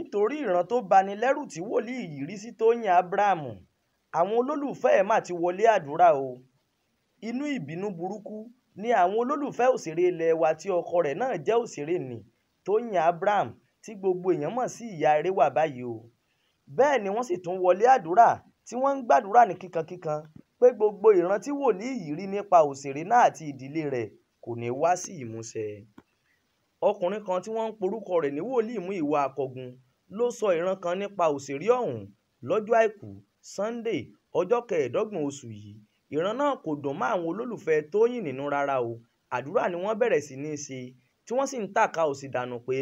nítorí ìran tó bani lẹ́rù tí wòlíì yìí rí sí tóyìn abrahamu àwọn olólùfẹ́ ẹ̀ mà ti wọlé àdúrà o inú ìbínú burúkú ni àwọn olólùfẹ́ òṣèré ilẹ̀ wa tí ọkọ rẹ̀ náà jẹ́ òṣèré nì tóyìn abraham tí gbogbo èèyàn mọ̀ sí ìyá eré wà báyìí o bẹ́ẹ̀ ni wọ́n sì tún wọlé àdúrà tí wọ́n ń gbàdúrà ní kíkankíkan pé gbogbo ìran tí wòlíì yìí rí nípa òṣèré náà àti ìdílé rẹ̀ kò ní wá sí ìmúṣẹ ọkùnrin kan tí wọ́n ń porúkọ rẹ̀ ní wòlíì mú ìwà àkọ́gun ló sọ ìran kan nípa òṣèré ọ̀hún lọ́jọ́ àìkú Sunday ọjọ́ kẹẹ̀ẹ́dọ́gbọ̀n oṣù yìí ìran náà kò dùn mọ́ àwọn olólùfẹ́ Tóyìn nínú rárá o àdúrà ni wọ́n bẹ̀rẹ̀ sí ní ṣe tí wọ́n sì ń tàka òsì dànù pé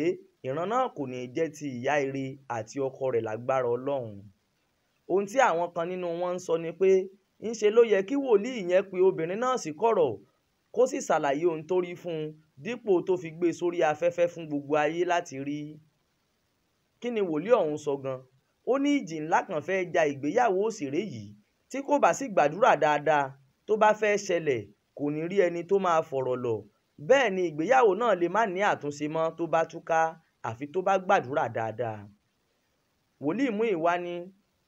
ìran náà kò ní jẹ́ ti ìyá ire àti ọkọ rẹ̀ lágbára Ọlọ́run ohun tí àwọn kan nínú wọn ń sọ ni pé ńṣe ló yẹ kí wòlíì yẹn pe obìnrin náà sí kọ̀rọ̀ kó sì ṣàlàyé ohun tó rí fún un dípò tó fi gbé e sórí afẹ́fẹ́ fún gbogbo ayé láti rí kí ni wòlíì ọ̀hún sọ gan ó ní ìjì ńlá kan fẹ́ ja ìgbéyàwó òṣèré yìí tí kò bá sì gbàdúrà dáadáa tó bá fẹ́ ṣẹlẹ̀ kò ní rí ẹni tó máa fọ̀rọ̀ lọ bẹ́ẹ̀ ni ìgbéyàwó náà lè má ní àtúnṣe mọ́ tó bá túká àfi tó bá gbàdúrà dáadáa wòlíì mú ìwá ni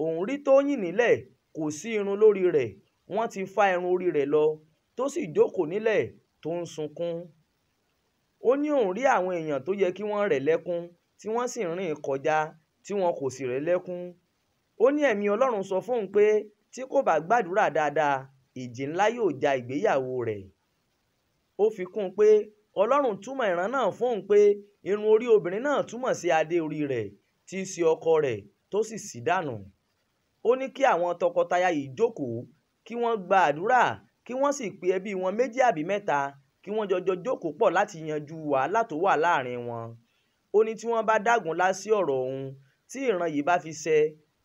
òun rí Tóyìn nílẹ̀ kò sí irun lórí rẹ̀ wọ́n ti fa irun orí rẹ̀ lọ tó sì jókòó nílẹ̀ tó ń sunkún ó ní òun rí àwọn èèyàn tó yẹ kí wọ́n rẹ̀ lẹ́kún tí wọ́n sì rìn kọjá tí wọn kò sì rẹ́ lẹ́kún ó ní ẹ̀mí ọlọ́run sọ fóun pé tí kò bá gbàdúrà dáadáa ìjì ńlá yóò ja ìgbéyàwó rẹ̀ ó fi kún un pé ọlọ́run túmọ̀ ìran náà fóun pé irun orí obìnrin náà túmọ̀ sí adé orí rẹ̀ tí í ṣe ọkọ rẹ̀ tó sì sì dànù ó ní kí àwọn tọkọtaya yìí jókòó kí wọ́n gba àdúrà kí wọ́n sì pe ẹbí wọn méjì àbí mẹ́ta kí wọ́n jọjọ jókòó pọ̀ láti yanjú wàhálà tó wà láàrin wọn ó ní tí wọ́n bá dágunlá sí ọ̀rọ̀ ọ̀hún tí ìran yìí bá fi ṣẹ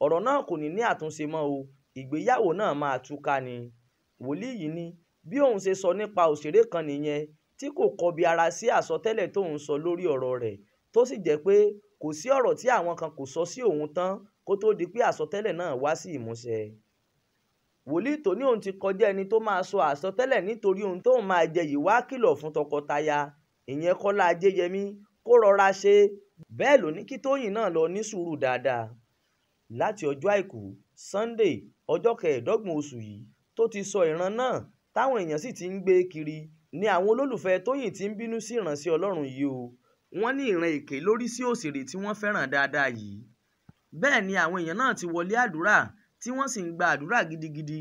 ọ̀rọ̀ náà kò ní ní àtúnṣe mọ́ o ìgbéyàwó náà máa túká ni wòlíì yìí ní bí òun ṣe sọ nípa òṣèré kan nìyẹn tí kò kọbi ara sí àsọtẹ́lẹ̀ tóun sọ lórí ọ̀rọ̀ rẹ̀ tó sì jẹ́ pé kò sí ọ̀rọ̀ tí àwọn kan kò sọ sí òun tán kó tó di pé àsọtẹ́lẹ̀ náà wá sí ìmúṣẹ wòlíì tó ní òun ti kọjá ẹni tó máa sọ àsọtẹ́lẹ̀ nítorí ohun tóun máa jẹ yìí wá kìlọ̀ fún tọkọtaya ìyẹn Kọ́lá Ajéyẹmí kó rọra ṣe bẹ́ẹ̀ ló ní kí Tóyìn náà lọ ní sùúrù dáadáa láti ọjọ́ àìkú Sunday ọjọ́ kẹẹ̀ẹ́dọ́gbọ̀n oṣù yìí tó ti sọ ìran náà táwọn èèyàn sì ti ń gbé kiri ni àwọn olólùfẹ́ Tóyìn ti ń bínú sí ìránṣẹ́ Ọlọ́run yìí o wọ́n ní ìran èké lórí sí òṣèré tí wọ́n fẹ́ràn dáadáa yìí bẹ́ẹ̀ ni àwọn èèyàn náà ti wọlé àdúrà tí wọ́n sì ń gba àdúrà gidigidi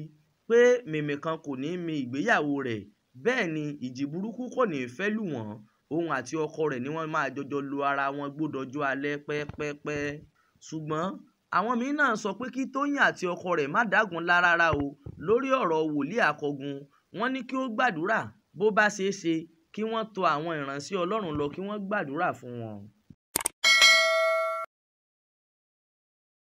pé mèmè kan kò ní mi ìgbéyàwó rẹ̀ bẹ́ẹ̀ ni ìjì burúkú kò ní fẹ́ lù wọ́n òun àti ọkọ rẹ̀ ni wọ́n máa jọjọ lo ara wọn gbódọjọ́ alẹ́ pẹ́pẹ́pẹ́ ṣùgbọ́n àwọn míín náà sọ pé kí tóyìn àti ọkọ rẹ̀ má dágun lára o lórí ọ̀rọ̀ wòlíì àkọgun wọ́n ní kí ó gbàdúrà bó bá ṣeé ṣe kí wọ́n tọ̀ àwọn ìránṣẹ́ ọlọ́run lọ kí wọ́n gbàdúrà fún wọn